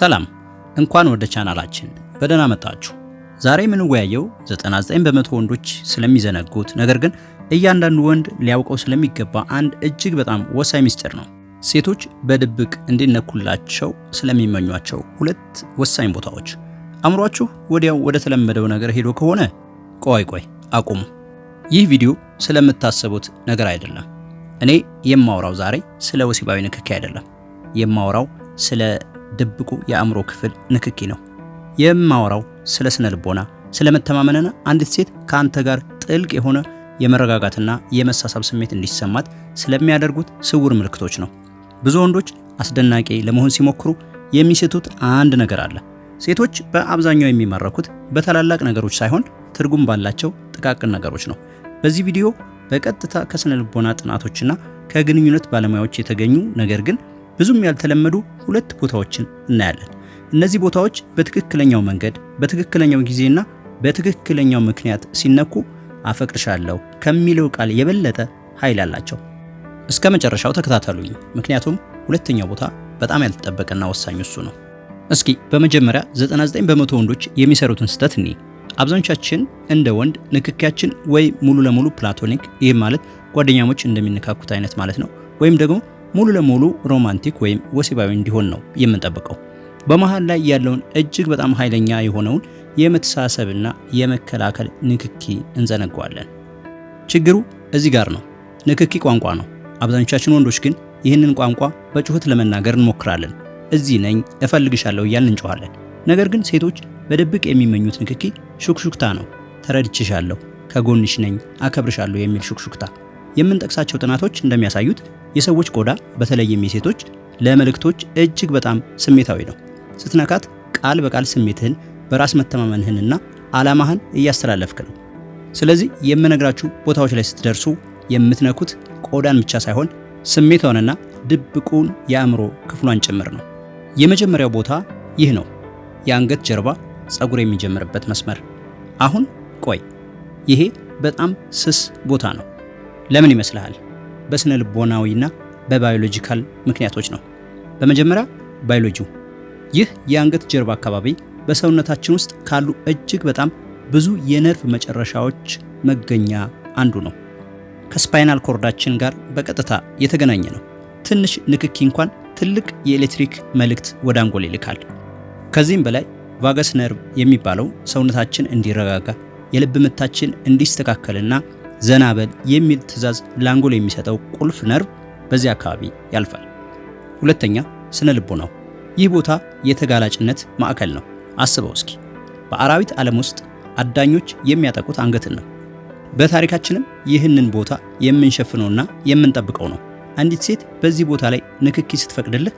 ሰላም፣ እንኳን ወደ ቻናላችን በደህና መጣችሁ። ዛሬ የምንወያየው 99 በመቶ ወንዶች ስለሚዘነጉት ነገር ግን እያንዳንዱ ወንድ ሊያውቀው ስለሚገባ አንድ እጅግ በጣም ወሳኝ ሚስጥር ነው። ሴቶች በድብቅ እንዲነኩላቸው ስለሚመኟቸው ሁለት ወሳኝ ቦታዎች። አእምሯችሁ ወዲያው ወደ ተለመደው ነገር ሄዶ ከሆነ ቆይ ቆይ አቁሙ። ይህ ቪዲዮ ስለምታስቡት ነገር አይደለም። እኔ የማወራው ዛሬ ስለ ወሲባዊ ንክኪ አይደለም። የማወራው ስለ ድብቁ የአእምሮ ክፍል ንክኪ ነው። የማወራው ስለ ስነ ልቦና፣ ስለ መተማመንና አንዲት ሴት ከአንተ ጋር ጥልቅ የሆነ የመረጋጋትና የመሳሳብ ስሜት እንዲሰማት ስለሚያደርጉት ስውር ምልክቶች ነው። ብዙ ወንዶች አስደናቂ ለመሆን ሲሞክሩ የሚስቱት አንድ ነገር አለ። ሴቶች በአብዛኛው የሚመረኩት በታላላቅ ነገሮች ሳይሆን ትርጉም ባላቸው ጥቃቅን ነገሮች ነው። በዚህ ቪዲዮ በቀጥታ ከስነ ልቦና ጥናቶችና ከግንኙነት ባለሙያዎች የተገኙ ነገር ግን ብዙም ያልተለመዱ ሁለት ቦታዎችን እናያለን። እነዚህ ቦታዎች በትክክለኛው መንገድ በትክክለኛው ጊዜና በትክክለኛው ምክንያት ሲነኩ አፈቅርሻለሁ ከሚለው ቃል የበለጠ ኃይል አላቸው። እስከ መጨረሻው ተከታተሉኝ፣ ምክንያቱም ሁለተኛው ቦታ በጣም ያልተጠበቀና ወሳኝ እሱ ነው። እስኪ በመጀመሪያ 99 በመቶ ወንዶች የሚሰሩትን ስህተት እኔ አብዛኞቻችን እንደ ወንድ ንክኪያችን ወይ ሙሉ ለሙሉ ፕላቶኒክ ይህም ማለት ጓደኛሞች እንደሚነካኩት አይነት ማለት ነው ወይም ደግሞ ሙሉ ለሙሉ ሮማንቲክ ወይም ወሲባዊ እንዲሆን ነው የምንጠብቀው። በመሃል ላይ ያለውን እጅግ በጣም ኃይለኛ የሆነውን የመተሳሰብና የመከላከል ንክኪ እንዘነገዋለን። ችግሩ እዚህ ጋር ነው። ንክኪ ቋንቋ ነው። አብዛኞቻችን ወንዶች ግን ይህንን ቋንቋ በጩኸት ለመናገር እንሞክራለን። እዚህ ነኝ፣ እፈልግሻለሁ እያልን እንጮኋለን። ነገር ግን ሴቶች በድብቅ የሚመኙት ንክኪ ሹክሹክታ ነው። ተረድችሻለሁ፣ ከጎንሽ ነኝ፣ አከብርሻለሁ የሚል ሹክሹክታ የምንጠቅሳቸው ጥናቶች እንደሚያሳዩት የሰዎች ቆዳ በተለይም የሴቶች ለመልእክቶች እጅግ በጣም ስሜታዊ ነው። ስትነካት ቃል በቃል ስሜትህን፣ በራስ መተማመንህንና ዓላማህን እያስተላለፍክ ነው። ስለዚህ የምነግራችሁ ቦታዎች ላይ ስትደርሱ የምትነኩት ቆዳን ብቻ ሳይሆን ስሜቷንና ድብቁን የአእምሮ ክፍሏን ጭምር ነው። የመጀመሪያው ቦታ ይህ ነው፣ የአንገት ጀርባ ጸጉር የሚጀምርበት መስመር። አሁን ቆይ፣ ይሄ በጣም ስስ ቦታ ነው። ለምን ይመስልሃል? በስነ ልቦናዊና በባዮሎጂካል ምክንያቶች ነው። በመጀመሪያ ባዮሎጂው። ይህ የአንገት ጀርባ አካባቢ በሰውነታችን ውስጥ ካሉ እጅግ በጣም ብዙ የነርቭ መጨረሻዎች መገኛ አንዱ ነው። ከስፓይናል ኮርዳችን ጋር በቀጥታ የተገናኘ ነው። ትንሽ ንክኪ እንኳን ትልቅ የኤሌክትሪክ መልእክት ወደ አንጎል ይልካል። ከዚህም በላይ ቫገስ ነርቭ የሚባለው ሰውነታችን እንዲረጋጋ፣ የልብ ምታችን እንዲስተካከልና ዘናበል የሚል ትዕዛዝ ለአንጎል የሚሰጠው ቁልፍ ነርቭ በዚህ አካባቢ ያልፋል። ሁለተኛ ስነ ነው። ይህ ቦታ የተጋላጭነት ማዕከል ነው። አስበው እስኪ በአራዊት ዓለም ውስጥ አዳኞች የሚያጠቁት አንገትን ነው። በታሪካችንም ይህንን ቦታ የምንሸፍነውና የምንጠብቀው ነው። አንዲት ሴት በዚህ ቦታ ላይ ንክኪ ስትፈቅድልህ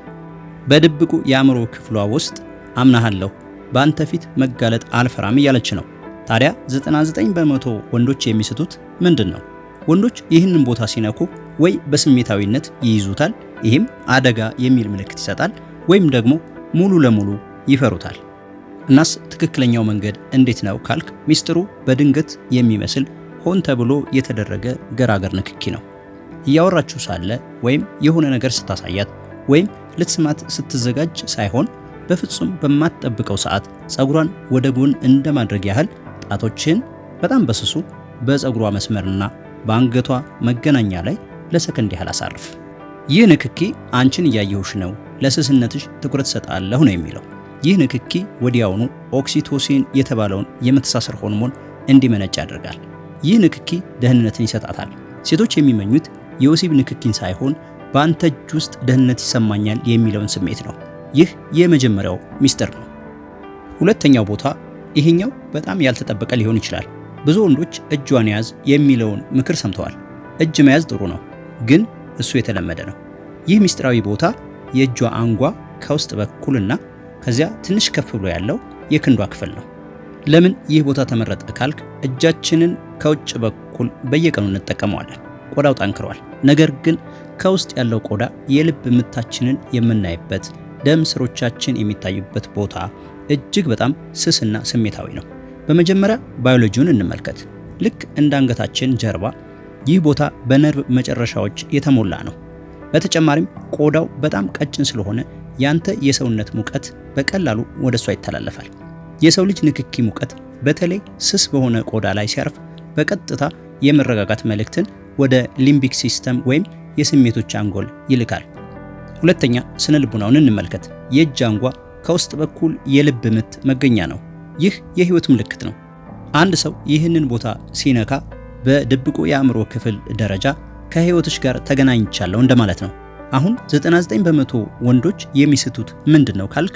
በድብቁ የአእምሮ ክፍሏ ውስጥ አምናሃለሁ፣ በአንተ ፊት መጋለጥ አልፈራም እያለች ነው። ታዲያ 99 በመቶ ወንዶች የሚስቱት ምንድን ነው? ወንዶች ይህንን ቦታ ሲነኩ ወይ በስሜታዊነት ይይዙታል፣ ይህም አደጋ የሚል ምልክት ይሰጣል፣ ወይም ደግሞ ሙሉ ለሙሉ ይፈሩታል። እናስ ትክክለኛው መንገድ እንዴት ነው ካልክ፣ ሚስጥሩ በድንገት የሚመስል ሆን ተብሎ የተደረገ ገራገር ንክኪ ነው። እያወራችሁ ሳለ ወይም የሆነ ነገር ስታሳያት ወይም ልትስማት ስትዘጋጅ ሳይሆን በፍጹም በማትጠብቀው ሰዓት ጸጉሯን ወደ ጎን እንደማድረግ ያህል ጣቶችን በጣም በስሱ በፀጉሯ መስመርና በአንገቷ መገናኛ ላይ ለሰከንድ ያህል አሳርፍ። ይህ ንክኪ አንቺን እያየሁሽ ነው፣ ለስስነትሽ ትኩረት ሰጣለሁ ነው የሚለው። ይህ ንክኪ ወዲያውኑ ኦክሲቶሲን የተባለውን የመተሳሰር ሆርሞን እንዲመነጭ ያደርጋል። ይህ ንክኪ ደህንነትን ይሰጣታል። ሴቶች የሚመኙት የወሲብ ንክኪን ሳይሆን በአንተ እጅ ውስጥ ደህንነት ይሰማኛል የሚለውን ስሜት ነው። ይህ የመጀመሪያው ሚስጥር ነው። ሁለተኛው ቦታ ይሄኛው በጣም ያልተጠበቀ ሊሆን ይችላል። ብዙ ወንዶች እጇን ያዝ የሚለውን ምክር ሰምተዋል። እጅ መያዝ ጥሩ ነው፣ ግን እሱ የተለመደ ነው። ይህ ምስጢራዊ ቦታ የእጇ አንጓ ከውስጥ በኩልና ከዚያ ትንሽ ከፍ ብሎ ያለው የክንዷ ክፍል ነው። ለምን ይህ ቦታ ተመረጠ ካልክ፣ እጃችንን ከውጭ በኩል በየቀኑ እንጠቀመዋለን። ቆዳው ጠንክሯል። ነገር ግን ከውስጥ ያለው ቆዳ የልብ ምታችንን የምናይበት፣ ደም ስሮቻችን የሚታዩበት ቦታ እጅግ በጣም ስስና ስሜታዊ ነው። በመጀመሪያ ባዮሎጂውን እንመልከት። ልክ እንደ አንገታችን ጀርባ ይህ ቦታ በነርቭ መጨረሻዎች የተሞላ ነው። በተጨማሪም ቆዳው በጣም ቀጭን ስለሆነ ያንተ የሰውነት ሙቀት በቀላሉ ወደ እሷ ይተላለፋል። የሰው ልጅ ንክኪ ሙቀት በተለይ ስስ በሆነ ቆዳ ላይ ሲያርፍ በቀጥታ የመረጋጋት መልእክትን ወደ ሊምቢክ ሲስተም ወይም የስሜቶች አንጎል ይልካል። ሁለተኛ ስነ ልቡናውን እንመልከት። የእጅ አንጓ ከውስጥ በኩል የልብ ምት መገኛ ነው። ይህ የህይወት ምልክት ነው። አንድ ሰው ይህንን ቦታ ሲነካ በድብቁ የአእምሮ ክፍል ደረጃ ከህይወትሽ ጋር ተገናኝቻለሁ እንደማለት ነው። አሁን 99 በመቶ ወንዶች የሚስቱት ምንድን ነው ካልክ፣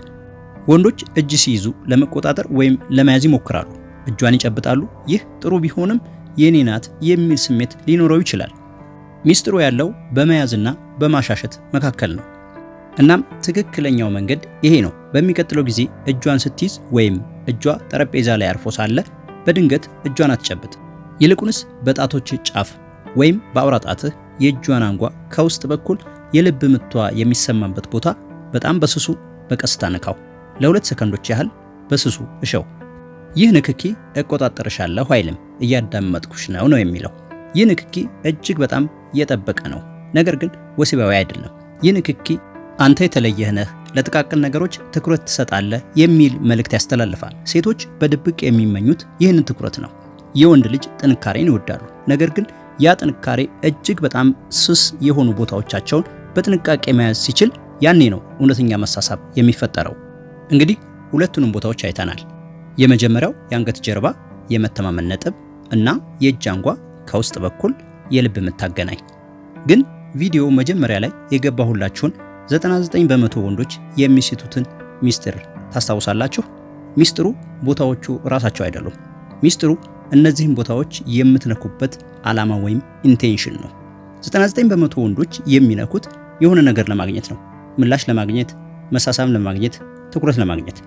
ወንዶች እጅ ሲይዙ ለመቆጣጠር ወይም ለመያዝ ይሞክራሉ። እጇን ይጨብጣሉ። ይህ ጥሩ ቢሆንም የኔ ናት የሚል ስሜት ሊኖረው ይችላል። ሚስጥሩ ያለው በመያዝና በማሻሸት መካከል ነው። እናም ትክክለኛው መንገድ ይሄ ነው። በሚቀጥለው ጊዜ እጇን ስትይዝ ወይም እጇ ጠረጴዛ ላይ አርፎ ሳለ በድንገት እጇን አትጨብጥ። ይልቁንስ በጣቶች ጫፍ ወይም በአውራ ጣትህ የእጇን አንጓ ከውስጥ በኩል የልብ ምቷ የሚሰማበት ቦታ በጣም በስሱ በቀስታ ንካው። ለሁለት ሰከንዶች ያህል በስሱ እሸው። ይህ ንክኪ እቆጣጠርሻለሁ አይልም፣ እያዳመጥኩሽ ነው ነው የሚለው። ይህ ንክኪ እጅግ በጣም የጠበቀ ነው፣ ነገር ግን ወሲባዊ አይደለም። ይህ ንክኪ አንተ የተለየህ ነህ ለጥቃቅን ነገሮች ትኩረት ትሰጣለህ የሚል መልእክት ያስተላልፋል። ሴቶች በድብቅ የሚመኙት ይህንን ትኩረት ነው። የወንድ ልጅ ጥንካሬን ይወዳሉ። ነገር ግን ያ ጥንካሬ እጅግ በጣም ስስ የሆኑ ቦታዎቻቸውን በጥንቃቄ መያዝ ሲችል ያኔ ነው እውነተኛ መሳሳብ የሚፈጠረው። እንግዲህ ሁለቱንም ቦታዎች አይተናል። የመጀመሪያው የአንገት ጀርባ የመተማመን ነጥብ እና የእጅ አንጓ ከውስጥ በኩል የልብ የምታገናኝ ግን ቪዲዮ መጀመሪያ ላይ የገባሁላችሁን 99 በመቶ ወንዶች የሚስቱትን ሚስጥር ታስታውሳላችሁ? ሚስጥሩ ቦታዎቹ ራሳቸው አይደሉም። ሚስጥሩ እነዚህን ቦታዎች የምትነኩበት ዓላማ ወይም ኢንቴንሽን ነው። 99 በመቶ ወንዶች የሚነኩት የሆነ ነገር ለማግኘት ነው። ምላሽ ለማግኘት፣ መሳሳም ለማግኘት፣ ትኩረት ለማግኘት።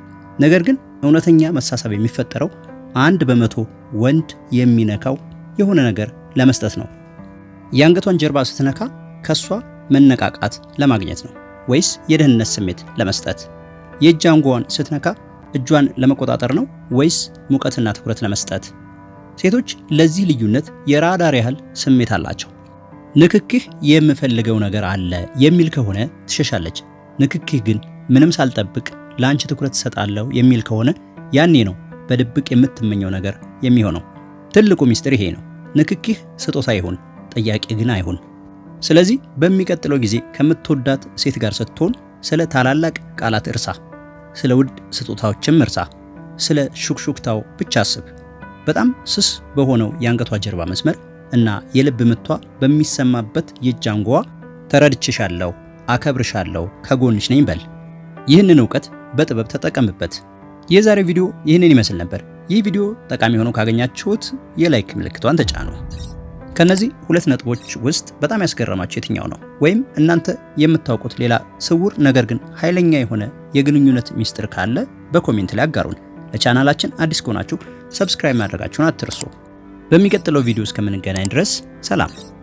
ነገር ግን እውነተኛ መሳሳብ የሚፈጠረው አንድ በመቶ ወንድ የሚነካው የሆነ ነገር ለመስጠት ነው። የአንገቷን ጀርባ ስትነካ ከሷ መነቃቃት ለማግኘት ነው። ወይስ የደህንነት ስሜት ለመስጠት? የእጅ አንጓዋን ስትነካ እጇን ለመቆጣጠር ነው ወይስ ሙቀትና ትኩረት ለመስጠት? ሴቶች ለዚህ ልዩነት የራዳር ያህል ስሜት አላቸው። ንክክህ የምፈልገው ነገር አለ የሚል ከሆነ ትሸሻለች። ንክክህ ግን ምንም ሳልጠብቅ ለአንቺ ትኩረት ትሰጣለሁ የሚል ከሆነ ያኔ ነው በድብቅ የምትመኘው ነገር የሚሆነው። ትልቁ ሚስጥር ይሄ ነው። ንክኪህ ስጦታ ይሁን፣ ጥያቄ ግን አይሁን። ስለዚህ በሚቀጥለው ጊዜ ከምትወዳት ሴት ጋር ስትሆን ስለ ታላላቅ ቃላት እርሳ፣ ስለ ውድ ስጦታዎችም እርሳ፣ ስለ ሹክሹክታው ብቻ አስብ። በጣም ስስ በሆነው የአንገቷ ጀርባ መስመር እና የልብ ምቷ በሚሰማበት የእጅ አንጓዋ ተረድችሻለሁ፣ አከብርሻለሁ፣ ከጎንሽ ነኝ በል። ይህንን እውቀት በጥበብ ተጠቀምበት። የዛሬው ቪዲዮ ይህንን ይመስል ነበር። ይህ ቪዲዮ ጠቃሚ ሆኖ ካገኛችሁት የላይክ ምልክቷን ተጫኑ። ከነዚህ ሁለት ነጥቦች ውስጥ በጣም ያስገረማቸው የትኛው ነው? ወይም እናንተ የምታውቁት ሌላ ስውር ነገር ግን ኃይለኛ የሆነ የግንኙነት ሚስጥር ካለ በኮሜንት ላይ አጋሩን። ለቻናላችን አዲስ ከሆናችሁ ሰብስክራይብ ማድረጋችሁን አትርሱ። በሚቀጥለው ቪዲዮ እስከምንገናኝ ድረስ ሰላም።